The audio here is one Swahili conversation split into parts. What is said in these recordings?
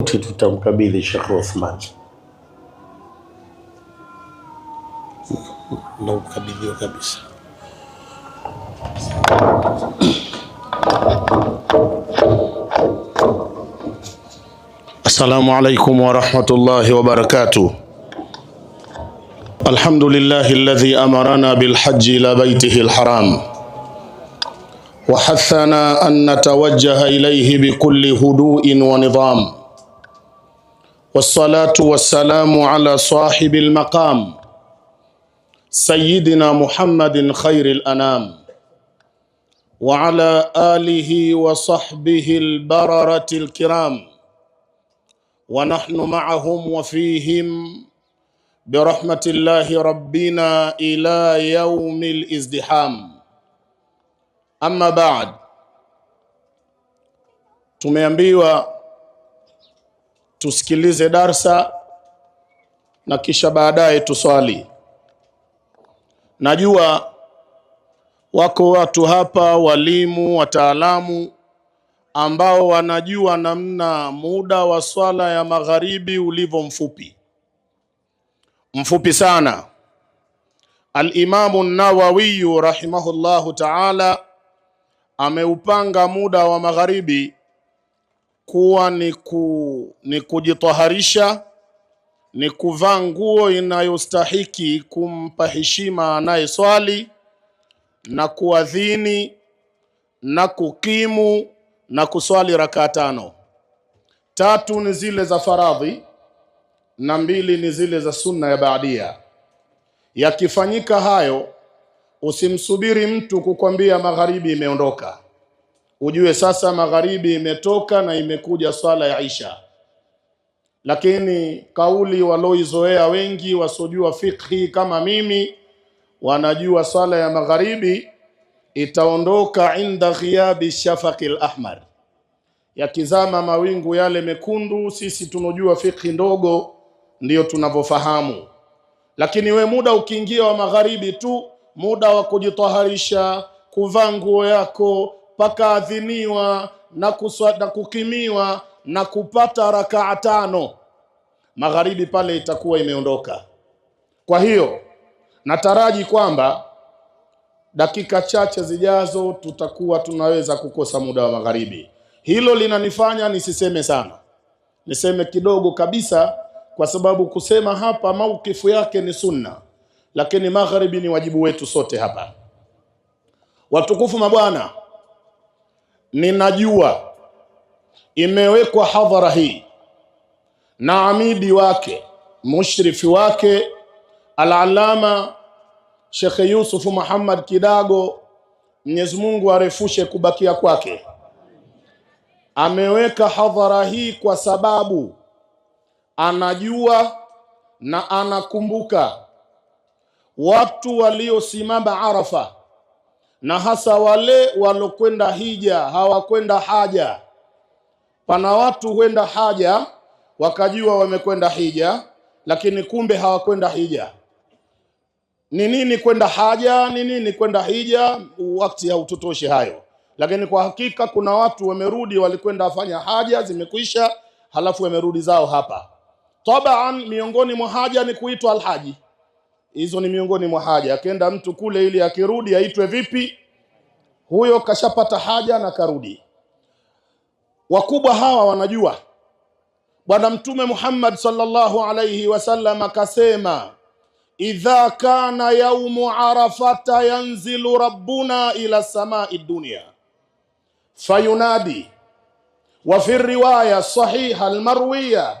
Wote tutamkabidhi Sheikh Othman na ukabidhiwa kabisa. Assalamu alaykum wa rahmatullahi wa barakatuh. Alhamdulillahi alladhi amarana bil hajji ila baytihi al haram wa hathana an natawajjaha ilayhi bi kulli hudu'in wa nidham والصلاة والسلام على صاحب المقام سيدنا محمد خير الأنام وعلى آله وصحبه البررة الكرام ونحن معهم وفيهم برحمة الله ربنا إلى يوم الازدحام أما بعد tumeambiwa tusikilize darsa na kisha baadaye tuswali. Najua wako watu hapa, walimu, wataalamu ambao wanajua namna muda wa swala ya magharibi ulivyo mfupi, mfupi sana. Alimamu Nawawiyu rahimahullahu taala ameupanga muda wa magharibi kuwa ni, ku, ni kujitaharisha ni kuvaa nguo inayostahiki kumpa heshima anayeswali na kuadhini na kukimu na kuswali rakaa tano. Tatu ni zile za faradhi na mbili ni zile za sunna ya baadia. Yakifanyika hayo, usimsubiri mtu kukwambia magharibi imeondoka. Ujue sasa magharibi imetoka na imekuja swala ya Isha, lakini kauli waloizoea wengi wasiojua fikhi kama mimi, wanajua swala ya magharibi itaondoka inda ghiabi shafaqi lahmar, yakizama mawingu yale mekundu. Sisi tunajua fikhi ndogo, ndiyo tunavyofahamu, lakini we muda ukiingia wa magharibi tu, muda wa kujitaharisha, kuvaa nguo yako pakaadhiniwa na, na kukimiwa na kupata rakaa tano, magharibi pale itakuwa imeondoka. Kwa hiyo nataraji kwamba dakika chache zijazo tutakuwa tunaweza kukosa muda wa magharibi. Hilo linanifanya nisiseme sana, niseme kidogo kabisa, kwa sababu kusema hapa maukifu yake ni sunna, lakini magharibi ni wajibu wetu sote hapa, watukufu mabwana ninajua imewekwa hadhara hii na amidi wake mushrifi wake Alalama Shekhe Yusufu Muhammad Kidago, Mwenyezi Mungu arefushe kubakia kwake. Ameweka hadhara hii kwa sababu anajua na anakumbuka watu waliosimama Arafa na hasa wale walokwenda hija hawakwenda haja. Pana watu huenda haja wakajua wamekwenda hija, lakini kumbe hawakwenda hija. Ni nini kwenda haja? Ni nini kwenda hija? Wakati hautotoshi hayo, lakini kwa hakika kuna watu wamerudi, walikwenda wafanya haja, zimekwisha, halafu wamerudi zao hapa. Tabaan, miongoni mwa haja ni kuitwa alhaji. Hizo ni miongoni mwa haja. Akenda mtu kule ili akirudi aitwe vipi? Huyo kashapata haja na karudi. Wakubwa hawa wanajua. Bwana Mtume Muhammad sallallahu alayhi wasallam akasema, idha kana yaumu arafata yanzilu rabbuna ila samai dunya fayunadi wa fi riwaya sahiha almarwiya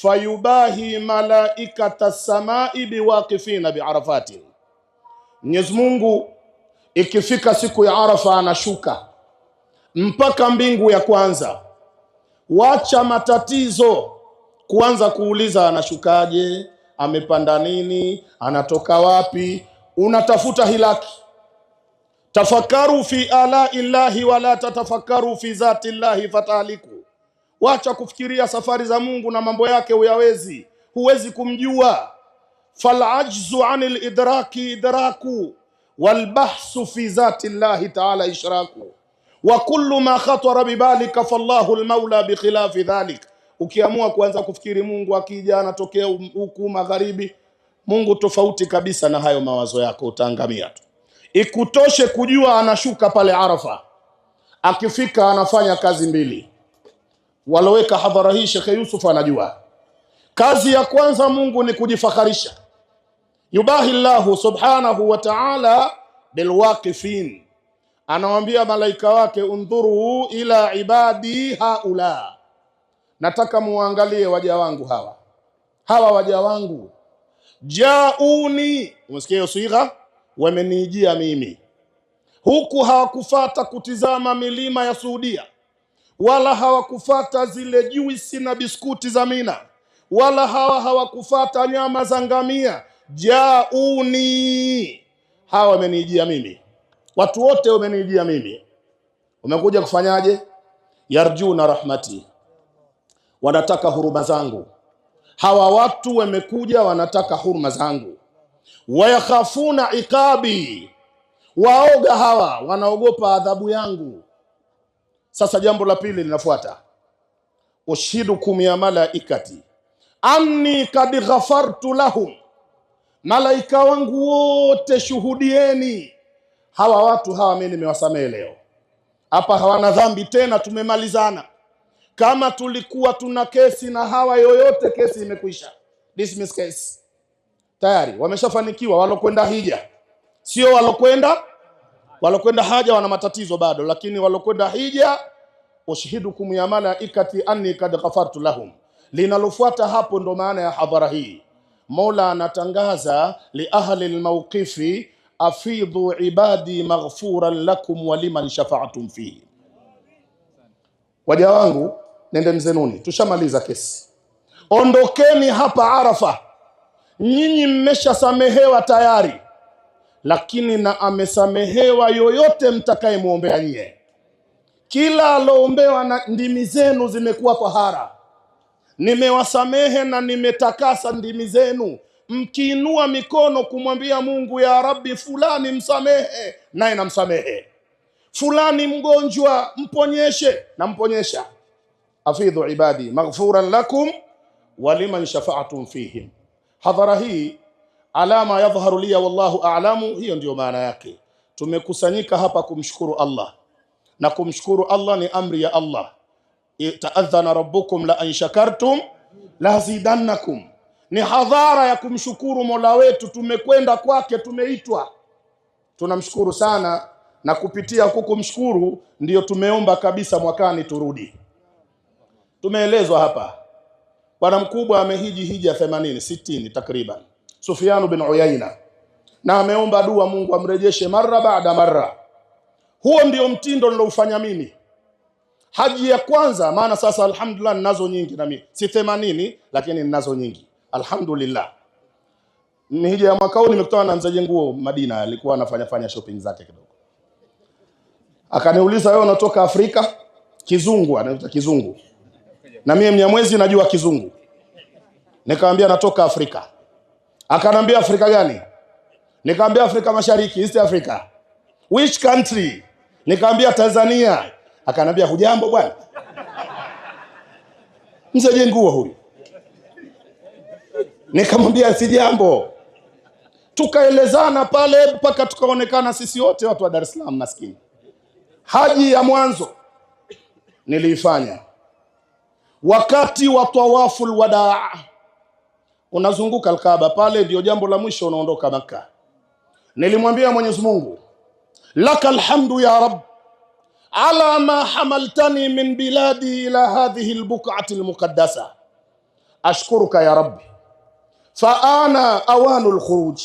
fayubahi malaikata samai biwaqifina biarafati Mwenyezi Mungu ikifika siku ya Arafa anashuka mpaka mbingu ya kwanza. Wacha matatizo kuanza kuuliza anashukaje, amepanda nini, anatoka wapi? Unatafuta hilaki. Tafakaru fi ala llahi wala tatafakaru fi zati llahi fatahliku Wacha kufikiria safari za Mungu na mambo yake huyawezi, huwezi kumjua. Falajzu anil idraki idraku walbahsu fi zati llahi taala ishraku wa kullu ma khatara bibalika fallahu lmaula bikhilafi dhalik. Ukiamua kuanza kufikiri Mungu akija anatokea um, huku magharibi, Mungu tofauti kabisa na hayo mawazo yako, utaangamia tu. Ikutoshe kujua anashuka pale Arafa, akifika anafanya kazi mbili waloweka hadhara hii, Shekhe Yusuf anajua. Kazi ya kwanza Mungu ni kujifaharisha. Yubahi llahu subhanahu wa ta'ala bilwaqifin, anawaambia malaika wake, undhuru ila ibadi haula, nataka muangalie waja wangu hawa, hawa waja wangu jauni. Umesikia hiyo sigha, wamenijia mimi, huku hawakufata kutizama milima ya Suudia wala hawakufata zile juisi na biskuti za Mina, wala hawa hawakufata nyama za ngamia. Jauni, hawa wamenijia mimi, watu wote wamenijia mimi. wamekuja kufanyaje? Yarjuna rahmati, wanataka huruma zangu. Hawa watu wamekuja, wanataka huruma zangu. Wayakhafuna iqabi, waoga hawa, wanaogopa adhabu yangu sasa jambo la pili linafuata, ushidukum ya malaikati anni kad ghafartu lahum, malaika wangu wote shuhudieni, hawa watu hawa mimi nimewasamehe leo. Hapa hawana dhambi tena, tumemalizana. Kama tulikuwa tuna kesi na hawa yoyote, kesi imekwisha, dismiss case tayari. Wameshafanikiwa walokwenda hija, sio walokwenda Walokwenda haja wana matatizo bado, lakini walokwenda hija, ushhidukum ya malaikati anni kad ghafartu lahum. Linalofuata hapo ndo maana ya hadhara hii. Mola anatangaza li ahli almawqifi afidhu ibadi maghfuran lakum wa liman shafa'tum fihi. Waja wangu nende mzenuni, tushamaliza kesi. Ondokeni hapa Arafa, nyinyi mmeshasamehewa tayari lakini na amesamehewa yoyote mtakayemwombea nyie. Kila aloombewa na ndimi zenu zimekuwa tahara, nimewasamehe na nimetakasa ndimi zenu. Mkiinua mikono kumwambia Mungu, ya Rabbi, fulani msamehe, naye namsamehe. Fulani mgonjwa mponyeshe, namponyesha. Afidhu ibadi maghfuran lakum waliman shafaatum fihim. Hadhara hii alama yadhharu liya wallahu a'lamu. Hiyo ndiyo maana yake. Tumekusanyika hapa kumshukuru Allah, na kumshukuru Allah ni amri ya Allah. Taadhana rabbukum la an shakartum lazidannakum, ni hadhara ya kumshukuru mola wetu. Tumekwenda kwake, tumeitwa, tunamshukuru sana, na kupitia huku kumshukuru ndiyo tumeomba kabisa mwakani turudi. Tumeelezwa hapa bwana mkubwa amehiji hija 80 60 takriban Sufyanu bin Uyaina, na ameomba dua Mungu amrejeshe mara baada mara. Huo ndio mtindo niloufanya mimi haji ya kwanza, maana sasa alhamdulillah ninazo nyingi nami, si 80 lakini ninazo nyingi alhamdulillah. Ni hija ya mwaka huu nimekutana na mzaji nguo Madina, alikuwa anafanya fanya shopping zake kidogo, akaniuliza wewe unatoka Afrika? Kizungu anaita kizungu, na mimi Mnyamwezi najua kizungu, nikamwambia natoka Afrika. Akanambia Afrika gani? Nikaambia Afrika Mashariki, East Africa. Which country? Nikaambia Tanzania. Akanambia hujambo bwana. Mzee nguo huyu. Nikamwambia si jambo. Tukaelezana pale mpaka tukaonekana sisi wote watu wa Dar es Salaam maskini. Haji ya mwanzo niliifanya wakati wa tawaful wadaa unazunguka Alkaaba pale, ndio jambo la mwisho, unaondoka Makka. Nilimwambia Mwenyezi Mungu, laka alhamdu ya rab ala ma hamaltani min biladi ila hadhihi lbukati lmuqaddasa ashkuruka ya rabbi faana awanu lkhuruj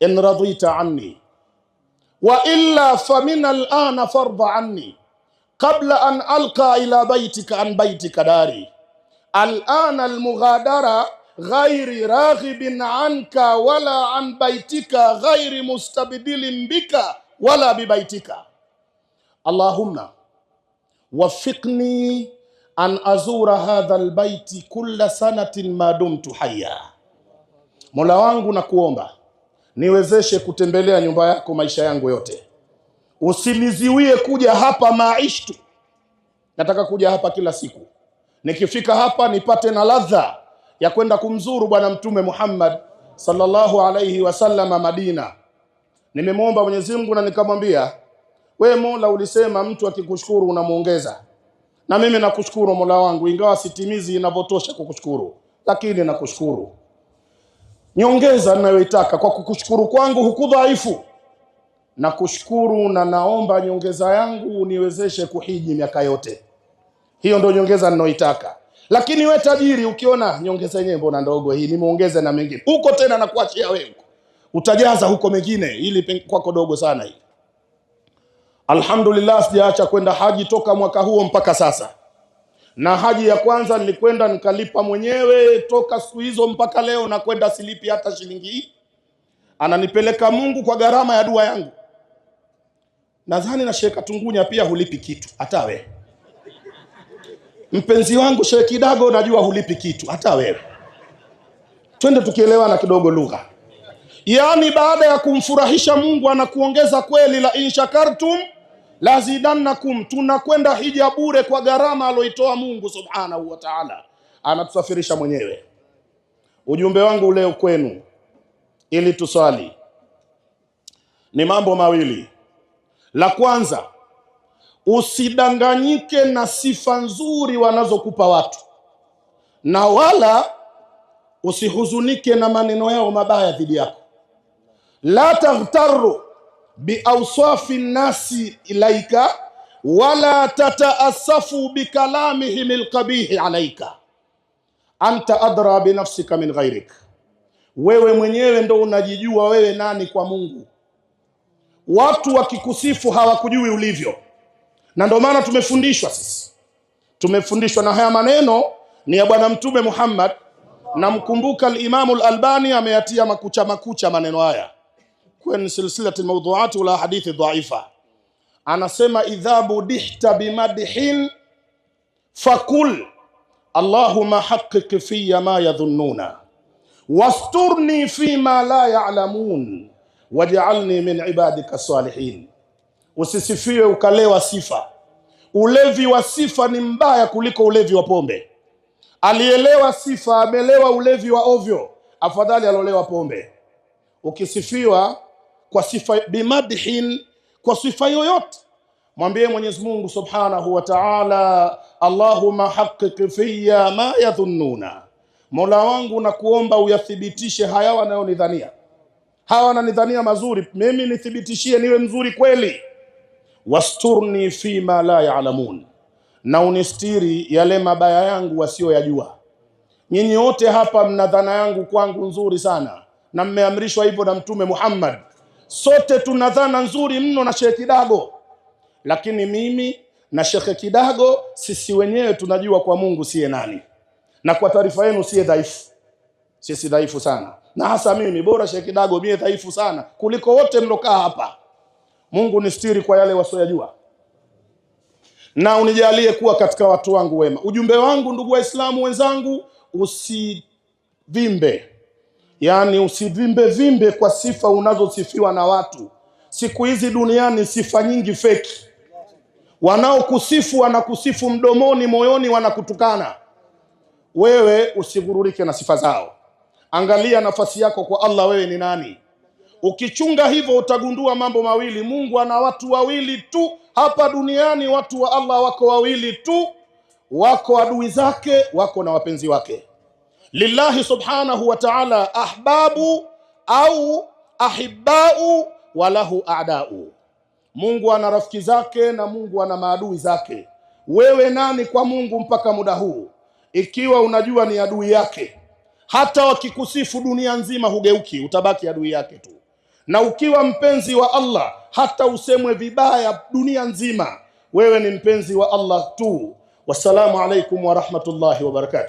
in radita anni wa illa famin alana farda anni qabla an alqa ila baitika an baitika dari alana almughadara ghairi raghibin anka wala an baitika ghairi mustabdilin bika wala bibaitika allahumma wafiqni an azura hadha albaiti kulla sanatin ma dumtu haya mola wangu nakuomba niwezeshe kutembelea nyumba yako maisha yangu yote usiniziwie kuja hapa maishtu nataka kuja hapa kila siku nikifika hapa nipate na ladha ya kwenda kumzuru Bwana Mtume Muhammad sallallahu alayhi wasallama Madina. Nimemwomba Mwenyezi Mungu na nikamwambia, we Mola, ulisema mtu akikushukuru unamuongeza, na mimi nakushukuru Mola wangu, ingawa sitimizi inavyotosha kukushukuru, lakini nakushukuru nyongeza ninayoitaka kwa kukushukuru kwangu hukudhaifu. Nakushukuru na naomba nyongeza yangu uniwezeshe kuhiji miaka yote. Hiyo ndio nyongeza ninayoitaka. Lakini we tajiri, ukiona nyongeza yenyewe mbona ndogo hii, nimeongeza na mengine huko tena, nakuachia wewe, utajaza huko mengine, ili kwako dogo sana hii. Alhamdulillah, sijaacha kwenda haji toka mwaka huo mpaka sasa, na haji ya kwanza nilikwenda nikalipa mwenyewe. Toka siku hizo mpaka leo nakwenda silipi hata shilingi hii, ananipeleka Mungu kwa gharama ya dua yangu. Nadhani na Sheikh Tungunya pia hulipi kitu hata wewe mpenzi wangu Sheikh Kidago, najua hulipi kitu hata wewe. Twende tukielewana kidogo lugha. Yaani, baada ya kumfurahisha Mungu anakuongeza kweli, la inshakartum lazidannakum. Tunakwenda hija bure kwa gharama aloitoa Mungu subhanahu wa taala, anatusafirisha mwenyewe. Ujumbe wangu leo kwenu ili tuswali ni mambo mawili. La kwanza usidanganyike na sifa nzuri wanazokupa watu, na wala usihuzunike na maneno yao mabaya dhidi yako. La taghtaru biawsafi nnasi ilaika wala tataasafu bikalamihim lkabihi alaika anta adra binafsika min ghairik, wewe mwenyewe ndo unajijua wewe nani kwa Mungu. Watu wakikusifu hawakujui ulivyo na ndio maana tumefundishwa sisi, tumefundishwa na haya maneno ni ya Bwana Mtume Muhammad. Namkumbuka al-Imamu al-Albani ameyatia makucha makucha maneno haya kwenye silsilati al-mawdu'at wala hadithi dhaifa, anasema idha budihta bimadhin fakul allahumma haqiq fiya ma yadhunnuna wasturni fima la ya'lamun waj'alni min ibadika salihin Usisifiwe ukalewa sifa. Ulevi wa sifa ni mbaya kuliko ulevi wa pombe. Alielewa sifa, amelewa ulevi wa ovyo, afadhali alolewa pombe. Ukisifiwa kwa sifa bimadhin, kwa sifa yoyote, mwambie Mwenyezi Mungu subhanahu wa taala, Allahumma haqiq fiya ma yadhunnuna, Mola wangu nakuomba uyathibitishe haya wanayonidhania hawa wananidhania mazuri, mimi nithibitishie niwe mzuri kweli wasturni fi ma la yalamun, na unistiri yale mabaya yangu wasiyoyajua. Nyinyi wote hapa mna dhana yangu kwangu nzuri sana, na mmeamrishwa hivyo na Mtume Muhammad. Sote tuna dhana nzuri mno na Sheikh Kidago, lakini mimi na Sheikh Kidago sisi wenyewe tunajua kwa Mungu siye nani, na kwa taarifa yenu siye dhaifu, sisi dhaifu sana, na hasa mimi, bora Sheikh Kidago, mie dhaifu sana kuliko wote mlokaa hapa. Mungu nistiri kwa yale wasioyajua na unijalie kuwa katika watu wangu wema. Ujumbe wangu ndugu Waislamu wenzangu, usivimbe, yaani usivimbe vimbe kwa sifa unazosifiwa na watu. Siku hizi duniani sifa nyingi feki, wanaokusifu wanakusifu mdomoni, moyoni wanakutukana wewe. Usigururike na sifa zao, angalia nafasi yako kwa Allah, wewe ni nani? Ukichunga hivyo utagundua mambo mawili. Mungu ana watu wawili tu hapa duniani. Watu wa Allah wako wawili tu, wako adui zake, wako na wapenzi wake. Lillahi subhanahu wa ta'ala ahbabu au ahibau walahu adau. Mungu ana rafiki zake na Mungu ana maadui zake. Wewe nani kwa Mungu mpaka muda huu, ikiwa unajua ni adui yake? Hata wakikusifu dunia nzima hugeuki, utabaki adui yake tu na ukiwa mpenzi wa Allah hata usemwe vibaya dunia nzima, wewe ni mpenzi wa Allah tu. Wassalamu alaikum warahmatullahi wabarakatu